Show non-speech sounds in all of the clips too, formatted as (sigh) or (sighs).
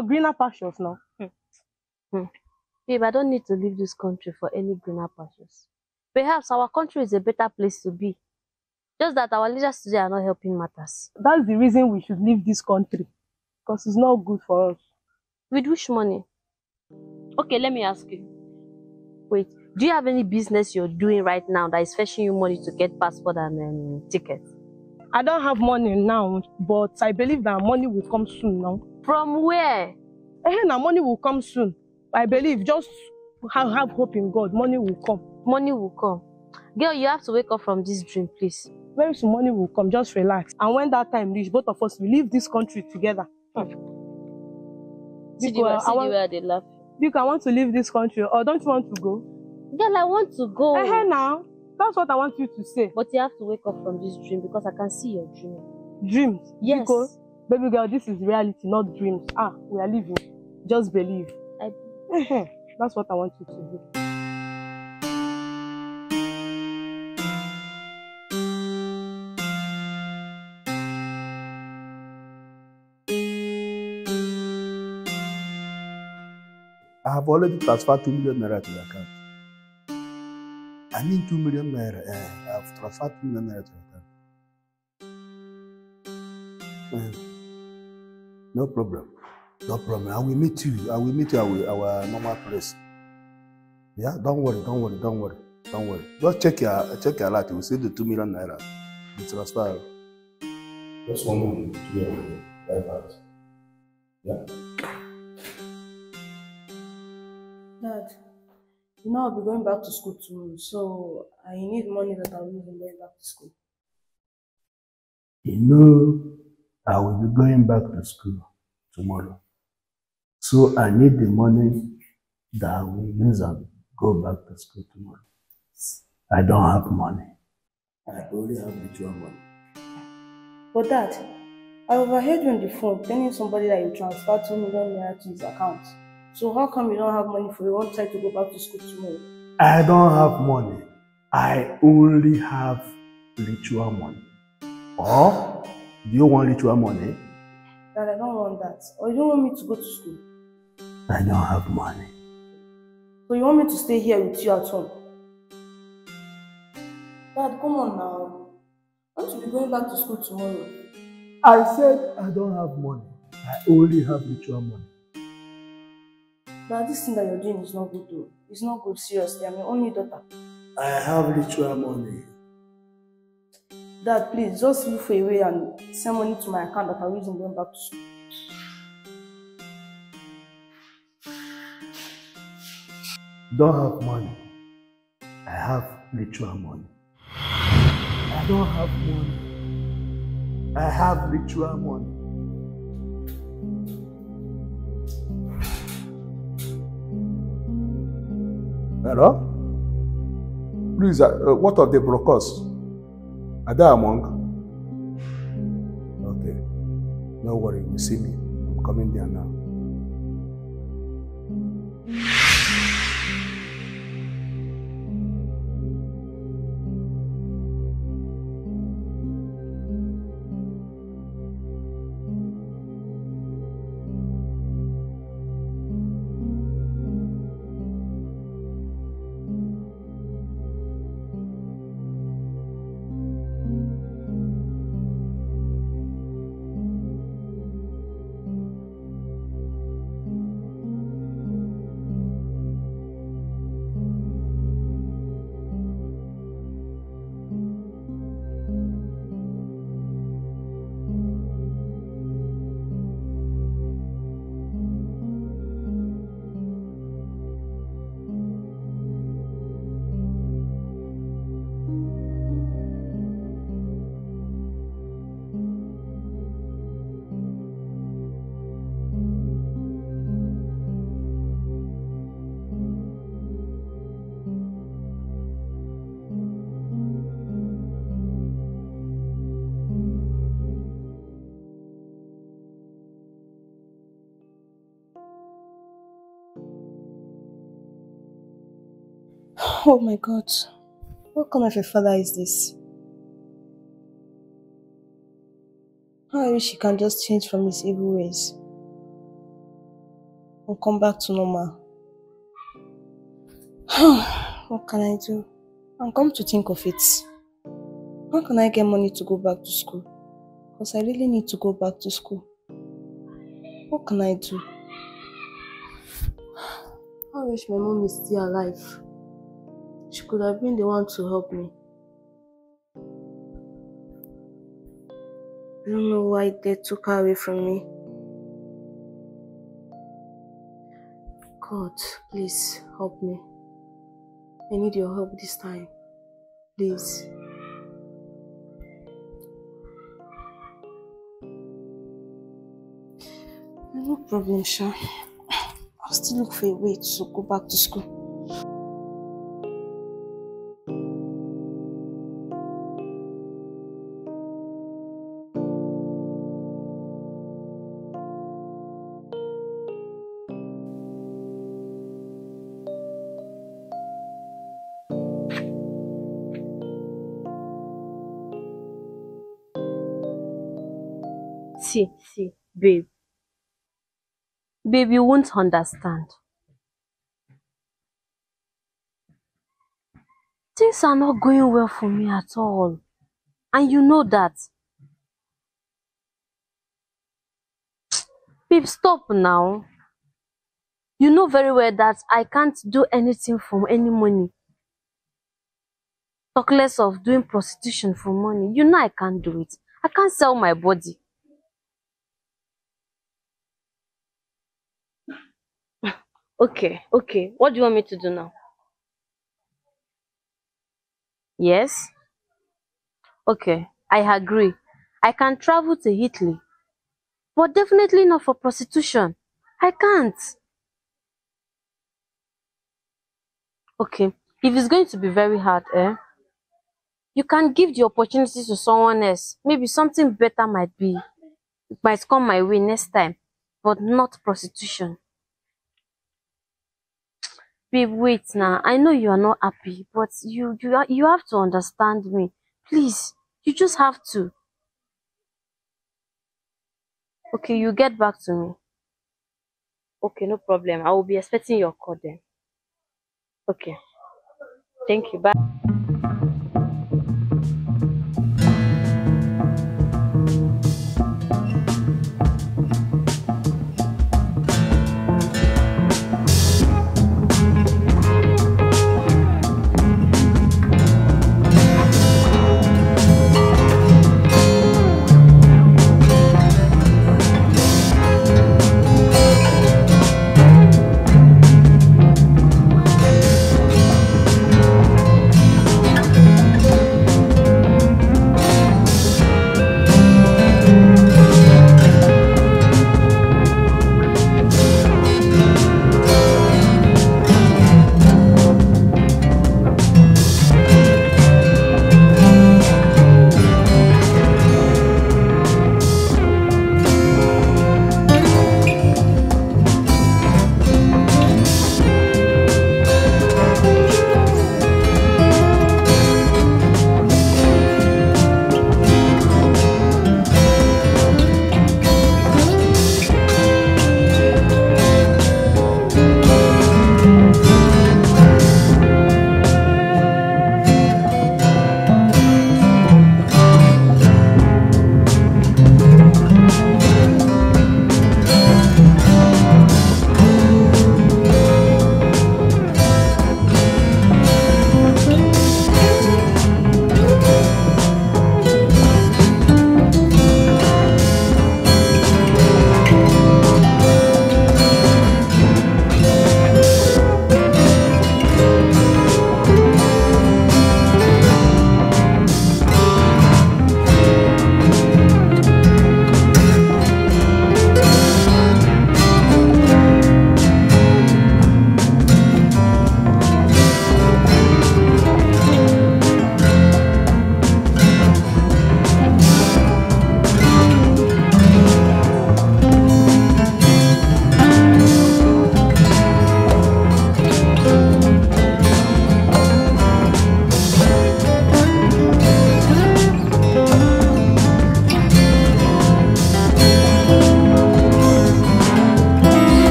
for greener pastures now. Hmm. hmm. Babe, I don't need to leave this country for any greener pastures. Perhaps our country is a better place to be. Just that our leaders today are not helping matters. That's the reason we should leave this country. Because it's not good for us. With which money? Okay, let me ask you. Wait, do you have any business you're doing right now that is fetching you money to get passport and um, tickets? I don't have money now, but I believe that money will come soon now. From where? Eh, now money will come soon. I believe just have, have hope in God. Money will come. Money will come. Girl, you have to wake up from this dream, please. Very soon money will come. Just relax. And when that time reach, both of us will leave this country together. Hmm. See the see I want, the way they laugh. Because I want to leave this country. Or don't you want to go? Girl, I want to go. Eh, eh now. That's what I want you to say. But you have to wake up from this dream because I can see your dream. Dreams? Yes. Because, baby girl, this is reality, not dreams. Ah, we are living. Just believe. I... That's what I want you to do. I have already transferred 2 million naira to your account. I mean 2 million naira. Eh, I've transferred 2 million naira to No problem. No problem. I will meet you. I will meet you at our normal place. Yeah, don't worry, don't worry, don't worry, don't worry. Just check your check your alert. You see the two million naira, the transfer. Just one moment. Yeah, like that. Yeah. You know, I'll be going back to school tomorrow, so I need money that I'll use going back to school. You know, I will be going back to school tomorrow, so I need the money that I will use and go back to school tomorrow. I don't have money. I only have mutual money. But Dad, I overheard you on the phone telling somebody that you transferred 2 million naira to his account. So how come you don't have money for your own child to go back to school tomorrow? I don't have money. I only have ritual money. Or do you want ritual money? Dad, I don't want that. Or you don't want me to go to school? I don't have money. So you want me to stay here with you at home? Dad, come on now. Won't you be going back to school tomorrow? I said I don't have money. I only have ritual money. Now this thing that you're doing is not good though. It's not good, seriously. I'm your only daughter. I have ritual money. Dad, please just look for a way and send money to my account that I use in going back to school. Don't have money. I have ritual money. I don't have money. I have ritual money. Hello? Please, uh, uh, what of the brokers? Are they among? Okay. No worry, you see me. I'm coming there now. Oh my God. What kind of a father is this? How I wish he can just change from his evil ways and come back to normal. (sighs) what can I do? And come to think of it, how can I get money to go back to school? Because I really need to go back to school. What can I do? (sighs) I wish my mom is still alive. She could have been the one to help me. I don't know why they took her away from me. God, please help me. I need your help this time. Please. No problem, Sha. I'll still look for a way to go back to school. Babe. Babe, you won't understand. Things are not going well for me at all. And you know that. Babe, stop now. You know very well that I can't do anything for any money. Talk less of doing prostitution for money. You know I can't do it. I can't sell my body. Okay, okay. What do you want me to do now? Yes? Okay, I agree. I can travel to Italy. But definitely not for prostitution. I can't. Okay, if it's going to be very hard, eh? You can give the opportunity to someone else. Maybe something better might be. It might come my way next time, but not prostitution babe wait now i know you are not happy but you you you have to understand me please you just have to okay you get back to me okay no problem i will be expecting your call then okay thank you bye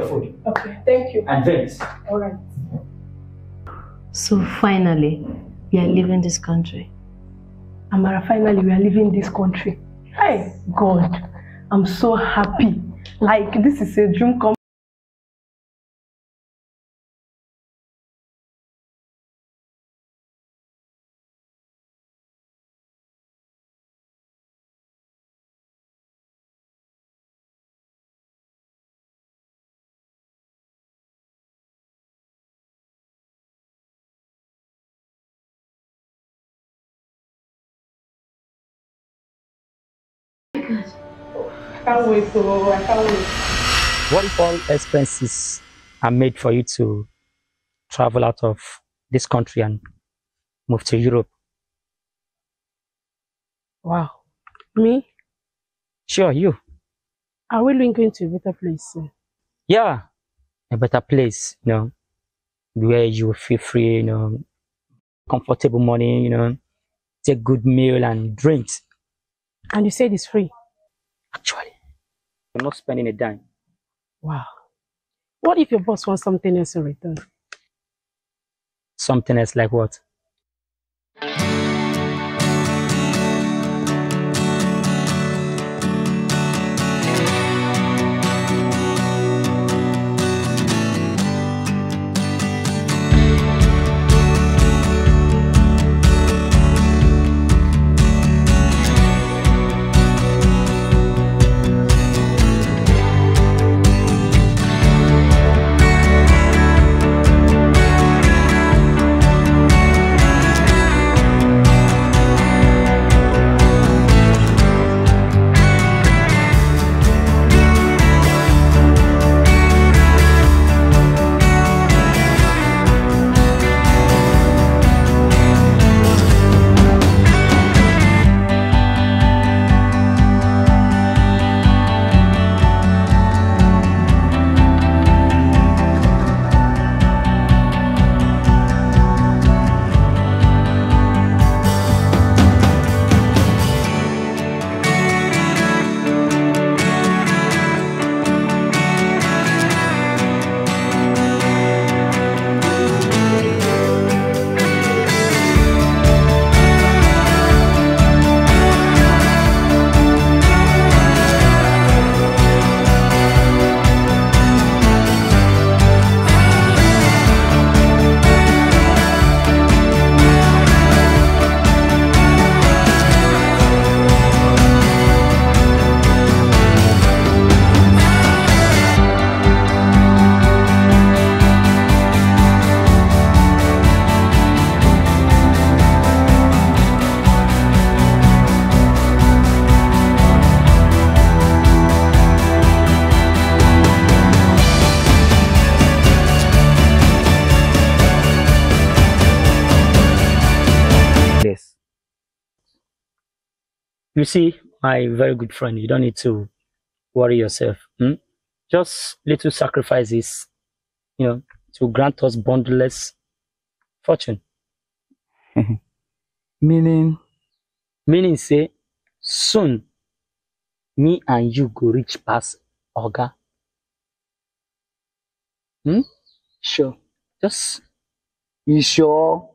your food. Okay, thank you. And this. All right. So finally, we are leaving this country. Amara, finally, we are leaving this country. Hey, God, I'm so happy. Like, this is a dream come What if all expenses are made for you to travel out of this country and move to Europe? Wow. Me? Sure, you. Are we going to a better place? Yeah, a better place, you know, where you feel free, you know, comfortable money, you know, take good meal and drinks. And you said it's free? Actually. I'm not spending a dime. Wow. What if your boss wants something else in return? Something else like what? You see, my very good friend, you don't need to worry yourself. Hmm? Just little sacrifices, you know, to grant us boundless fortune. (laughs) Meaning? Meaning, say, soon me and you go reach past Oga. Hmm? Sure. Just, you sure?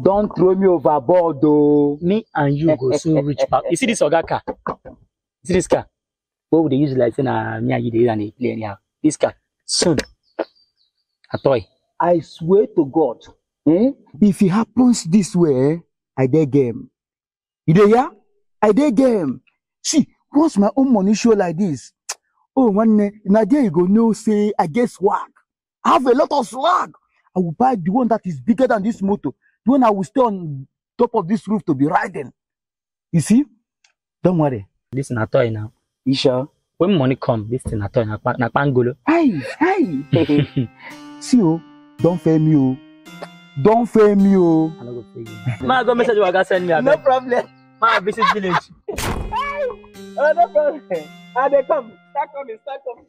Don't throw me overboard though. me and you go soon (laughs) rich. pa you see this oga car you see this car What would they use like say na me and you They use am dey play anyhow this car soon toy. i swear to god eh? if it happens this way eh, i dare game you dey hear i dare game see once my own money show like this (tsk) oh nwanne na there you go No say i get swag i have a lot of swag i will buy the one that is bigger than this motor when I will stay on top of this roof to be riding. You see? Don't worry. This is not toy now. You sure? When money come, this is not toy. not pangolo. Hey, hey. (laughs) See you. Oh, don't fail me. Oh. Don't fail me. Oh. I'm not going to fail you. (laughs) Ma, go message Waga send me. No problem. Ma, visit village. (laughs) hey, oh, no problem. Ah, they come. Start coming, start coming.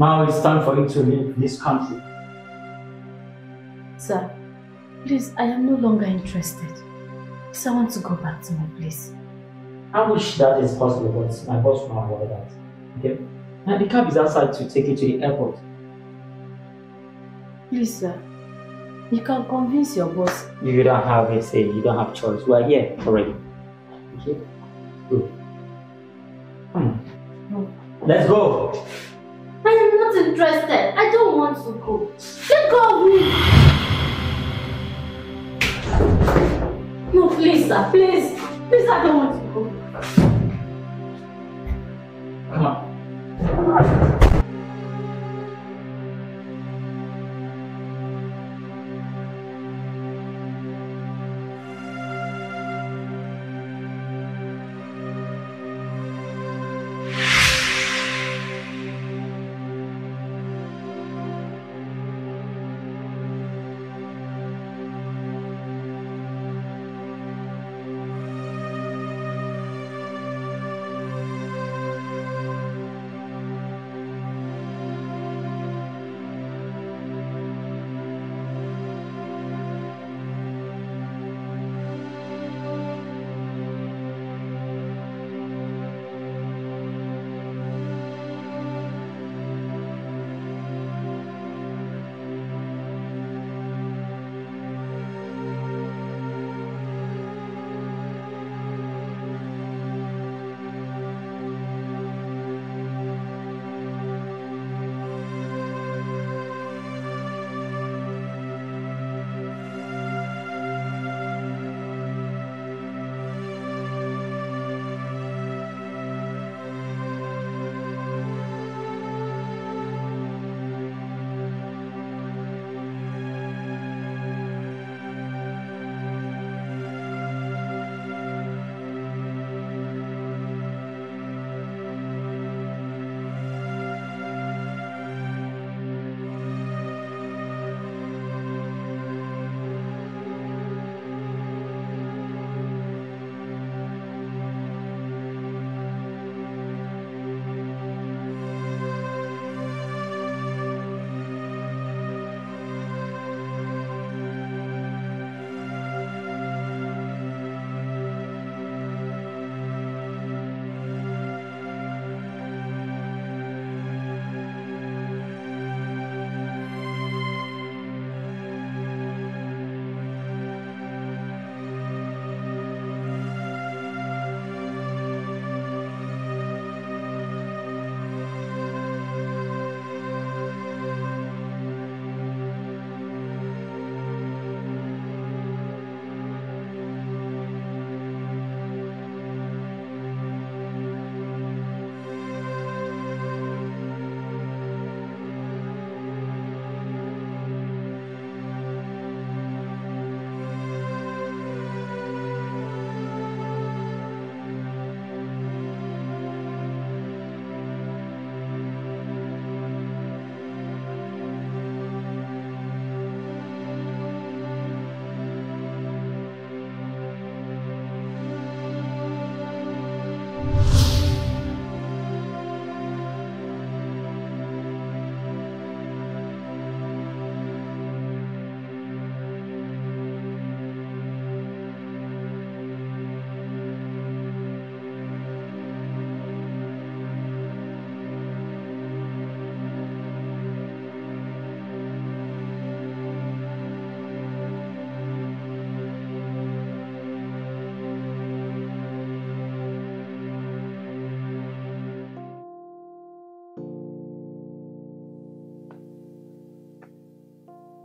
Now it's time for you to leave this country. Sir, please, I am no longer interested. I want to go back to my place. I wish that is possible, but my boss will not allow that. Okay? Now the cab is outside to take you to the airport. Please, sir. You can convince your boss. You don't have a say, you don't have choice. We are here already. Okay? Good. Come hmm. on. No. Let's go. I don't want to go. Let of me. No, please, sir. Please. Please, I don't want to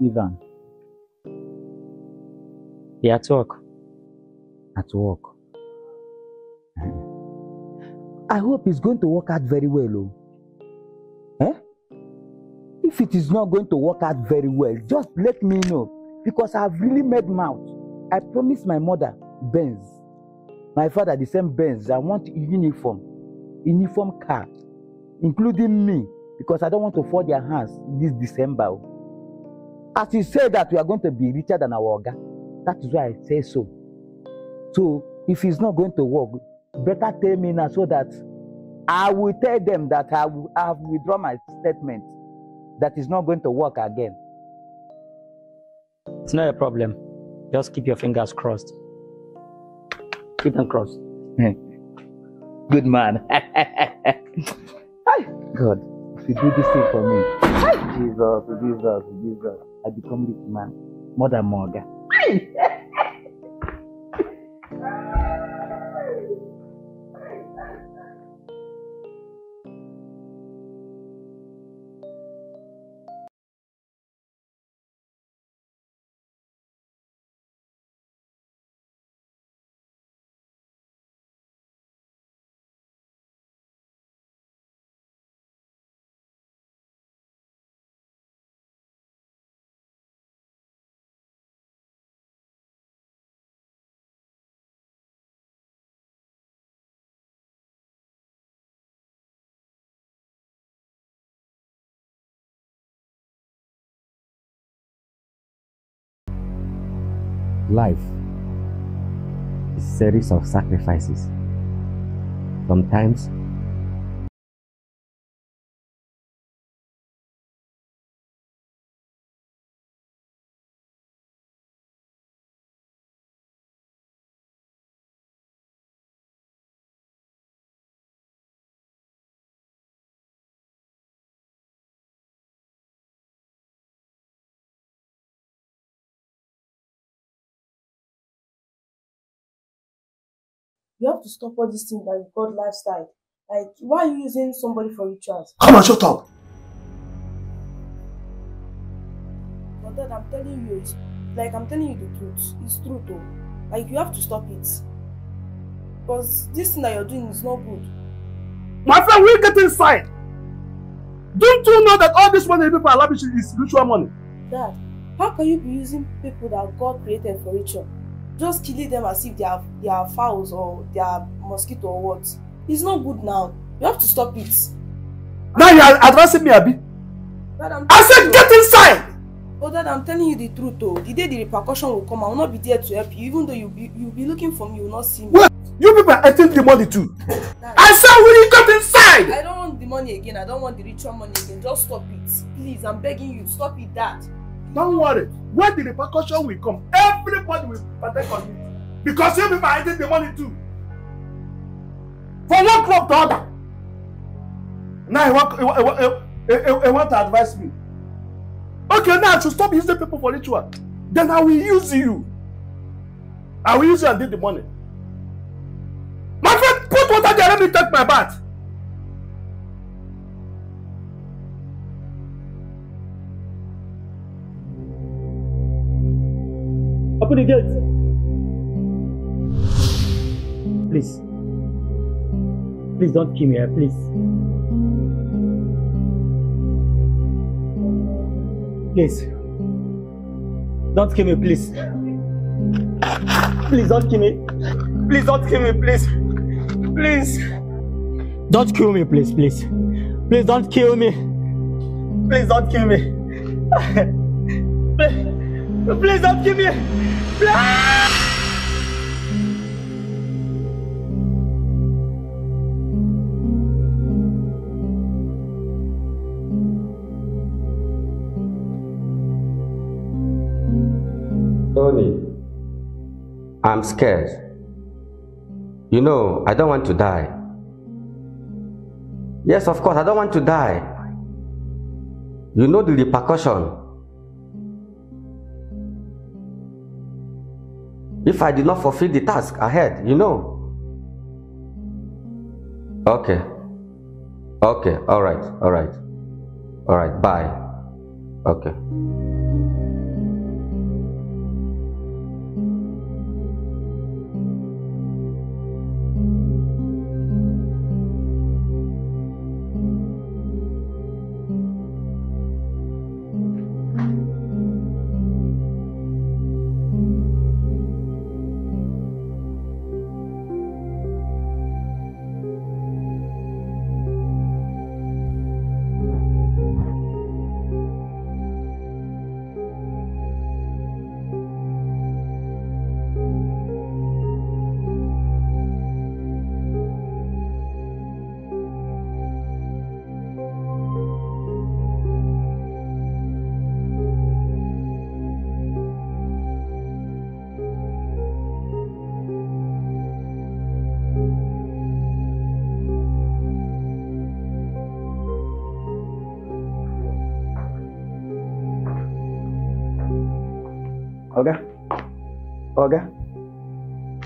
Ivan? He at work. At work. I hope it's going to work out very well. Oh. Eh? If it is not going to work out very well, just let me know because I've really made mouth. I promised my mother Benz, my father the same Benz. I want uniform, uniform car, including me because I don't want to fall their hands this December. Oh. As you say that we are going to be richer than our organ, that is why I say so. So if it's not going to work, better tell me now so that I will tell them that I, will, I have withdrawn my statement that is not going to work again. It's not a problem. Just keep your fingers crossed. Keep them crossed. (laughs) Good man. (laughs) God, if you do this thing for me, Jesus, Jesus, Jesus. I become this man, more than life is a series of sacrifices. Sometimes You have to stop all these things that you call lifestyle. Like, why are you using somebody for rituals? Come on, shut up! But Dad, I'm telling you, it's, like, I'm telling you the truth. It's true, though. Like, you have to stop it. Because this thing that you're doing is not good. My friend, we'll get inside! Don't you know that all this money people are lavishing is ritual money? Dad, how can you be using people that God created for ritual? just killing them as if they are they are fowls or they are mosquito or what it's not good now you have to stop it. now you are advancing me abi. i said get inside. Oh, Dad, I'm telling you the truth, though. The day the repercussion will come, I will not be there to help you. Even though you be, you be looking for me, you will not see me. Well, you people are eating the money too. Dad, I said, will you get inside? I don't want the money again. I don't want the ritual money again. Just stop it. Please, I'm begging you. Stop it, Dad. Don't worry. When the repercussion will come, everybody will protect on you Because you people are eating the money too. From one club to other. Now he want, he, want, he, want, he want to advise me. Okay, now I should stop using people for ritual. Then I will use you. I will use you and get the money. My friend, put water there, let me take my bath. Open the gate. Please. Please don't kill me here, eh, please. Please. Don't kill me, please. Please don't kill me. Please don't kill me, please. Please. Don't kill me, please, please. Please don't kill me. Please don't kill me. please, (laughs) please don't kill me. Tony, I'm scared. You know, I don't want to die. Yes, of course, I don't want to die. You know the repercussion if I did not fulfill the task ahead, you know. Okay. Okay. All right. All right. All right. Bye. Okay.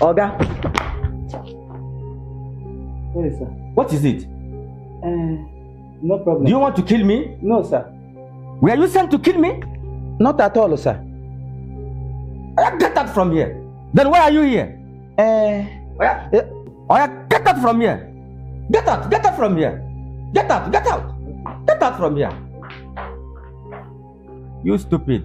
Olga. Sorry, sir. What is it? Uh, no problem. Do you want to kill me? No, sir. Were you sent to kill me? Not at all, sir. Get out from here. Then why are you here? Uh, eh, I. Eh. Oya, get out from here. Get out, get out from here. Get out, get out. Get out from here. You stupid.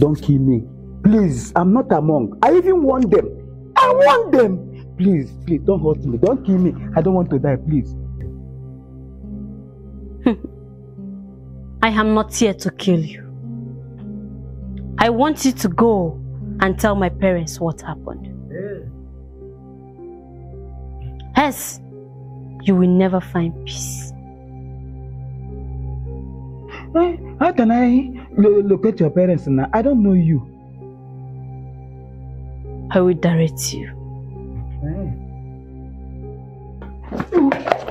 Don't kill me. Please, I'm not a monk. I even want them. I want them. Please, please, don't hurt me. Don't kill me. I don't want to die, please. (laughs) I am not here to kill you. I want you to go and tell my parents what happened. Yeah. Yes, you will never find peace. How can I locate your parents now. I don't know you. I will direct you. Okay.